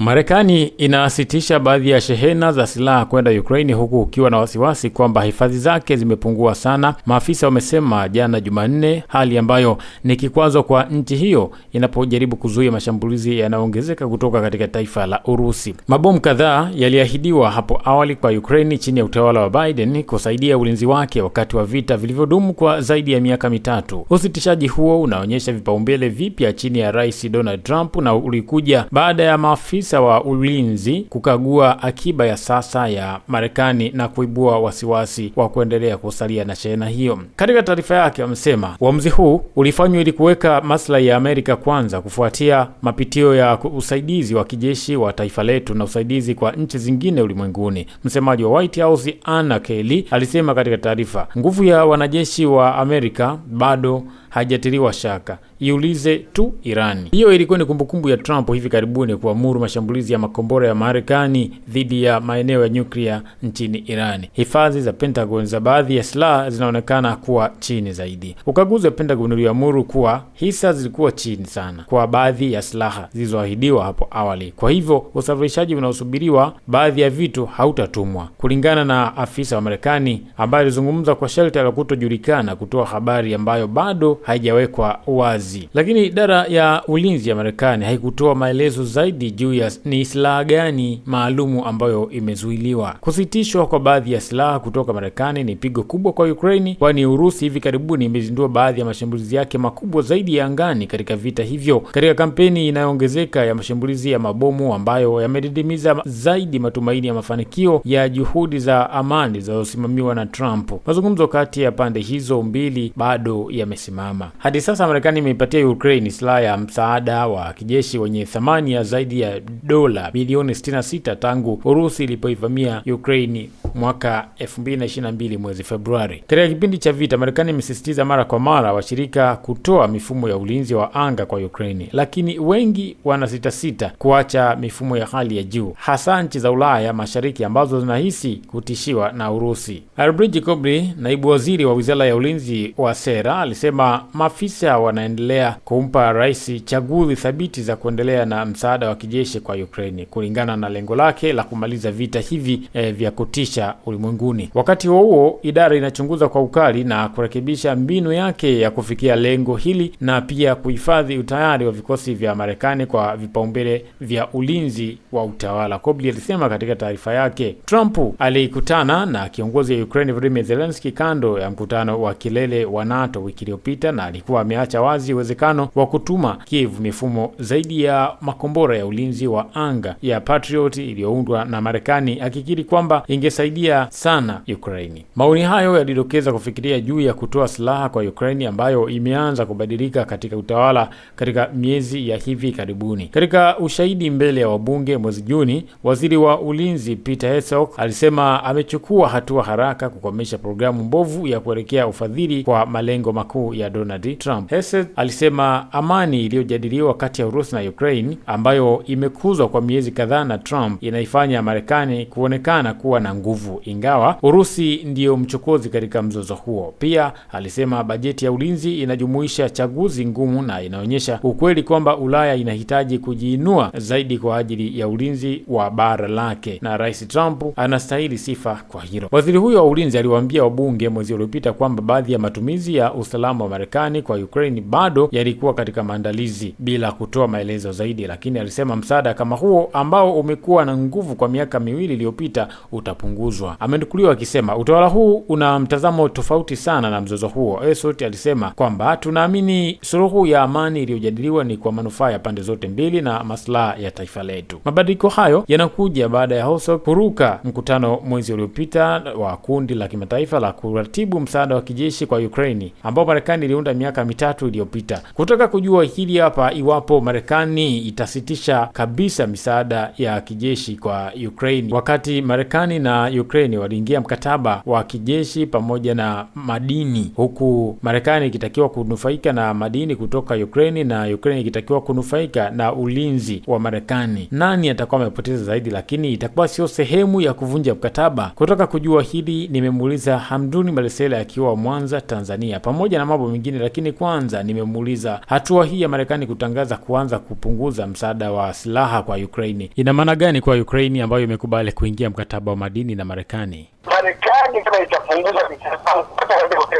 Marekani inasitisha baadhi ya shehena za silaha kwenda Ukraini huku ukiwa na wasiwasi kwamba hifadhi zake zimepungua sana, maafisa wamesema jana Jumanne, hali ambayo ni kikwazo kwa nchi hiyo inapojaribu kuzuia mashambulizi yanayoongezeka kutoka katika taifa la Urusi. Mabomu kadhaa yaliahidiwa hapo awali kwa Ukraini chini ya utawala wa Biden kusaidia ulinzi wake wakati wa vita vilivyodumu kwa zaidi ya miaka mitatu. Usitishaji huo unaonyesha vipaumbele vipya chini ya Rais Donald Trump na ulikuja baada ya maafisa maafisa wa ulinzi kukagua akiba ya sasa ya Marekani na kuibua wasiwasi wa kuendelea kusalia na shehena hiyo. Katika taarifa yake, wamesema uamuzi huu ulifanywa ili kuweka maslahi ya Amerika kwanza kufuatia mapitio ya usaidizi wa kijeshi wa taifa letu na usaidizi kwa nchi zingine ulimwenguni. Msemaji wa White House Anna Kelly alisema katika taarifa, nguvu ya wanajeshi wa Amerika bado hajatiliwa shaka, iulize tu Irani. Hiyo ilikuwa ni kumbukumbu ya Trump hivi karibuni kuamuru mashambulizi ya makombora ya Marekani dhidi ya maeneo ya nyuklia nchini Irani. Hifadhi za Pentagon za baadhi ya silaha zinaonekana kuwa chini zaidi. Ukaguzi wa Pentagon uliamuru kuwa hisa zilikuwa chini sana kwa baadhi ya silaha zilizoahidiwa hapo awali, kwa hivyo usafirishaji unaosubiriwa baadhi ya vitu hautatumwa, kulingana na afisa wa Marekani ambaye alizungumza kwa shelta la kutojulikana kutoa habari ambayo bado haijawekwa wazi, lakini idara ya ulinzi ya Marekani haikutoa maelezo zaidi juu ya ni silaha gani maalumu ambayo imezuiliwa. Kusitishwa kwa baadhi ya silaha kutoka Marekani ni pigo kubwa kwa Ukraini, kwani Urusi hivi karibuni imezindua baadhi ya mashambulizi yake makubwa zaidi ya angani katika vita hivyo, katika kampeni inayoongezeka ya mashambulizi ya mabomu ambayo yamedidimiza zaidi matumaini ya mafanikio ya juhudi za amani zinazosimamiwa na Trump. Mazungumzo kati ya pande hizo mbili bado yamesimama usalama. Hadi sasa Marekani imeipatia Ukraine silaha ya msaada wa kijeshi wenye thamani ya zaidi ya dola bilioni 66 tangu Urusi ilipoivamia Ukraine mwaka 2022 mwezi Februari. Katika kipindi cha vita, Marekani imesisitiza mara kwa mara washirika kutoa mifumo ya ulinzi wa anga kwa Ukraini, lakini wengi wanasitasita kuacha mifumo ya hali ya juu, hasa nchi za Ulaya Mashariki ambazo zinahisi kutishiwa na Urusi. Arbridge Kobli, naibu waziri wa wizara ya ulinzi wa sera, alisema maafisa wanaendelea kumpa rais chaguzi thabiti za kuendelea na msaada wa kijeshi kwa Ukraini kulingana na lengo lake la kumaliza vita hivi eh, vya kutisha maisha ulimwenguni. Wakati huo huo, idara inachunguza kwa ukali na kurekebisha mbinu yake ya kufikia lengo hili na pia kuhifadhi utayari wa vikosi vya Marekani kwa vipaumbele vya ulinzi wa utawala, Kobli alisema katika taarifa yake. Trump alikutana na kiongozi wa Ukraine Volodymyr Zelensky kando ya mkutano wa kilele wa NATO wiki iliyopita na alikuwa ameacha wazi uwezekano wa kutuma Kiev mifumo zaidi ya makombora ya ulinzi wa anga ya Patriot iliyoundwa na Marekani, akikiri kwamba ingesaidia kusaidia sana Ukraini. Maoni hayo yalidokeza kufikiria juu ya kutoa silaha kwa Ukraini ambayo imeanza kubadilika katika utawala katika miezi ya hivi karibuni. Katika ushahidi mbele ya wabunge mwezi Juni, waziri wa ulinzi Peter Hegseth alisema amechukua hatua haraka kukomesha programu mbovu ya kuelekea ufadhili kwa malengo makuu ya Donald Trump. Hegseth alisema amani iliyojadiliwa kati ya Urusi na Ukraine ambayo imekuzwa kwa miezi kadhaa na Trump inaifanya Marekani kuonekana kuwa na nguvu nguvu, ingawa Urusi ndiyo mchokozi katika mzozo huo. Pia alisema bajeti ya ulinzi inajumuisha chaguzi ngumu na inaonyesha ukweli kwamba Ulaya inahitaji kujiinua zaidi kwa ajili ya ulinzi wa bara lake, na Rais Trump anastahili sifa kwa hilo. Waziri huyo wa ulinzi aliwaambia wabunge mwezi uliopita kwamba baadhi ya matumizi ya usalama wa Marekani kwa Ukraine bado yalikuwa katika maandalizi, bila kutoa maelezo zaidi, lakini alisema msaada kama huo ambao umekuwa na nguvu kwa miaka miwili iliyopita utapunguza kuuzwa. Amenukuliwa akisema utawala huu una mtazamo tofauti sana na mzozo huo. Esot alisema kwamba tunaamini suluhu ya amani iliyojadiliwa ni kwa manufaa ya pande zote mbili na maslaha ya taifa letu. Mabadiliko hayo yanakuja baada ya hoso kuruka mkutano mwezi uliopita wa kundi la kimataifa la kuratibu msaada wa kijeshi kwa Ukraini ambao Marekani iliunda miaka mitatu iliyopita. Kutaka kujua hili hapa iwapo Marekani itasitisha kabisa misaada ya kijeshi kwa Ukraini wakati Marekani na Ukraine waliingia mkataba wa kijeshi pamoja na madini, huku Marekani ikitakiwa kunufaika na madini kutoka Ukraine na Ukraine ikitakiwa kunufaika na ulinzi wa Marekani. Nani atakuwa amepoteza zaidi? Lakini itakuwa sio sehemu ya kuvunja mkataba. kutoka kujua hili, nimemuuliza Hamduni malesele akiwa Mwanza, Tanzania, pamoja na mambo mengine, lakini kwanza nimemuuliza hatua hii ya Marekani kutangaza kuanza kupunguza msaada wa silaha kwa Ukraini ina maana gani kwa Ukraini ambayo imekubali kuingia mkataba wa madini na Marekani. Marekani kama itapunguza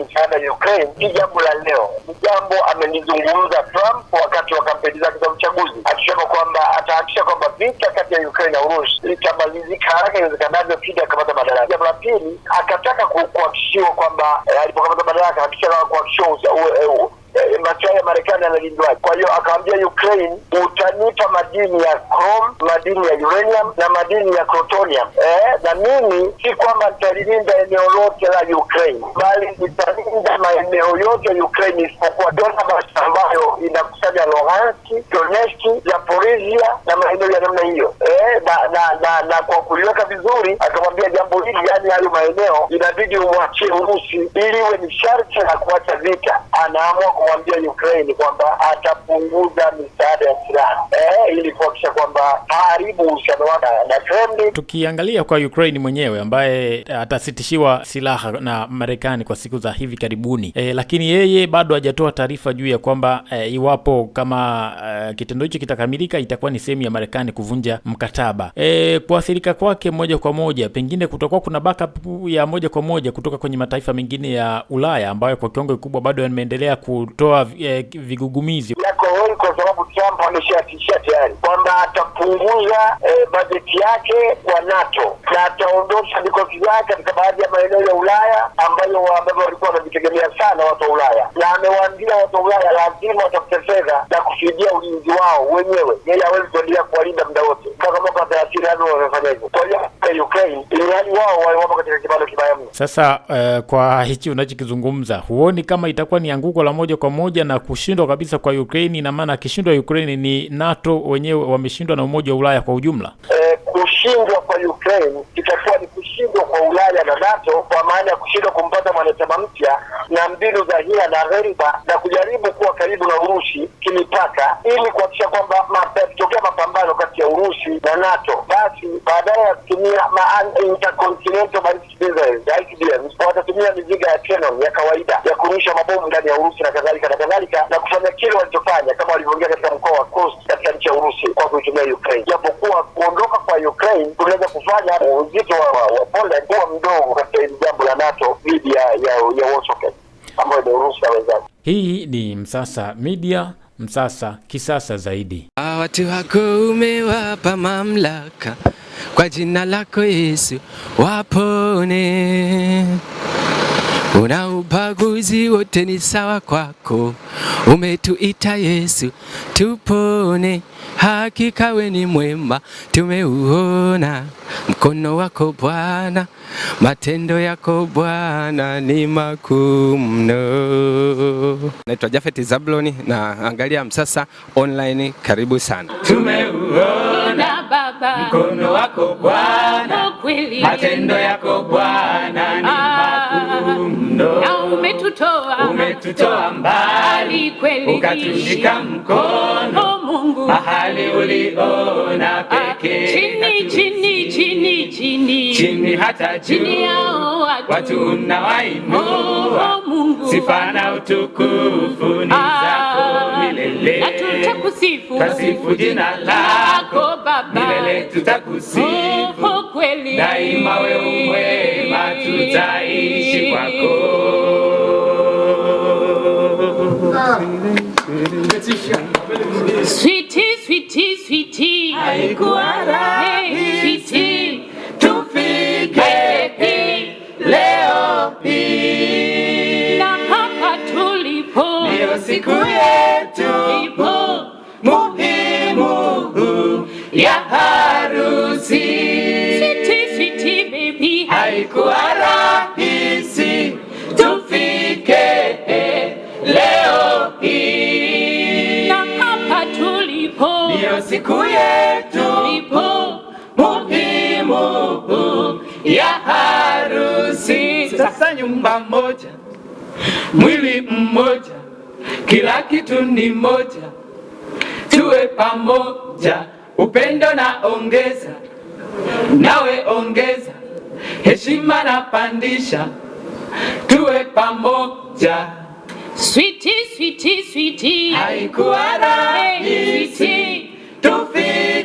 misaada ya Ukraine, hii jambo la leo ni jambo amelizungumza Trump wakati wa kampeni zake za uchaguzi, akisema kwamba atahakikisha kwamba vita kati ya Ukraine na Urusi litamalizika haraka iwezekanavyo, kija akapata madaraka. Jambo la pili, akataka kuhakikishiwa kwamba eh, alipokapata madaraka, akisha kuhakikishiwa eh, ya Marekani analindwa. Kwa hiyo akaambia Ukraine, utanipa madini ya chrome, madini ya uranium na madini ya plutonium eh, na mimi si kwamba nitalilinda eneo lote la Ukraine, bali nitalinda maeneo yote Ukraine isipokuwa Donbas ambayo inakus ya Luhanski, Donetski, Zaporizhia na maeneo ya namna hiyo eh, na, na, na, na kwa kuliweka vizuri akamwambia jambo hili, yani hayo maeneo inabidi uwachie Urusi ili iwe ni sharti la kuacha vita. Anaamua kumwambia Ukraine kwamba atapunguza misaada ya silaha eh, ili kuhakikisha kwamba haribu uhusiano wake na Kremlin. Tukiangalia kwa Ukraine mwenyewe ambaye eh, atasitishiwa silaha na Marekani kwa siku za hivi karibuni eh, lakini yeye bado hajatoa taarifa juu ya kwamba eh, iwapo kama uh, kitendo hicho kitakamilika itakuwa ni sehemu ya Marekani kuvunja mkataba. E, kuathirika kwake moja kwa moja pengine kutakuwa kuna backup ya moja kwa moja kutoka kwenye mataifa mengine ya Ulaya ambayo kwa kiwango kikubwa bado yameendelea kutoa e, vigugumizi Trump ameshatishia tayari kwamba atapunguza eh, bajeti yake kwa NATO na ataondosha vikosi vyake katika baadhi ya maeneo ya Ulaya ambayo ambavyo walikuwa wanajitegemea sana watu wa Ulaya, na amewaambia watu wa Ulaya lazima watafute fedha za kusaidia ulinzi wao wenyewe. Yeye hawezi kuendelea kuwalinda muda wote mpaka mwaka thelathini, lazima wamefanya hivyo. Kwa hiyo Ukraine ilihali wao wapo katika kibalo kibaya mno. Sasa uh, kwa hichi unachokizungumza, huoni kama itakuwa ni anguko la moja kwa moja na kushindwa kabisa kwa Ukraine? Ina maana akishindwa Ukraine ni NATO wenyewe wameshindwa na Umoja wa Ulaya kwa ujumla. E, kushindwa kwa Ukraine itakuwa ni kushindwa kwa Ulaya na NATO kwa maana ya kushindwa kumpata mwanachama mpya na mbinu za hila na gheriba na kujaribu kuwa karibu na Urusi kimipaka, ili kuhakikisha kwamba yakitokea mapambano kati ya Urusi na NATO, basi baadaye ya kutumia intercontinental ballistic missiles ICBM watatumia mizinga ya Cannon ya kawaida ya kurusha mabomu ndani ya Urusi na kadhalika na kadhalika, na kufanya kile walichofanya kama walivyoingia katika mkoa wa Kursk katika nchi ya Urusi kwa kuitumia Ukraine, japokuwa kuondoka kwa Ukraine kunaweza kufa kufanya uzito wa wa Poland kuwa mdogo katika hili jambo la NATO dhidi ya ya Washington ambayo ni Urusi na wenzake. Hii ni Msasa Media, Msasa kisasa zaidi. Ah, watu wako umewapa mamlaka, kwa jina lako Yesu wapone. Una ubaguzi wote ni sawa kwako, umetuita Yesu tupone, hakika we ni mwema, tumeuona mkono wako Bwana, matendo yako Bwana ni makuu mno. Naitwa Jafet Zabloni na angalia Msasa Online, karibu sana. Tumeuona Baba, mkono wako Bwana, kweli. matendo yako Bwana ni ah, makuu mno, na umetutoa umetutoa mbali kweli, ukatushika mkono oh, Mungu, mahali uliona ah, pekee, chini chini chini chini chini, hata chini yao watu, watu na wainua oh, Mungu, sifa na utukufu ni ah, zako milele, na tutakusifu, tasifu jina lako Baba, milele tutakusifu. Oh, kweli daima wewe mwema, tutaishi kwako. Sweetie, sweetie, sweetie, haikuwa rahisi tufike leo hii na hapa tulipo, leo siku yetu ipo ya harusi. Siti, siti, baby, haikuwa rahisi tufike eh, leo hii, na hapa tulipo ndio siku yetu tulipo muhimu eh, ya harusi. Sasa nyumba moja, mwili mmoja, kila kitu ni moja, tuwe pamoja upendo na ongeza, nawe ongeza, heshima na pandisha, tuwe pamoja. Sweetie, sweetie, sweetie. haikuwa rahisi tufike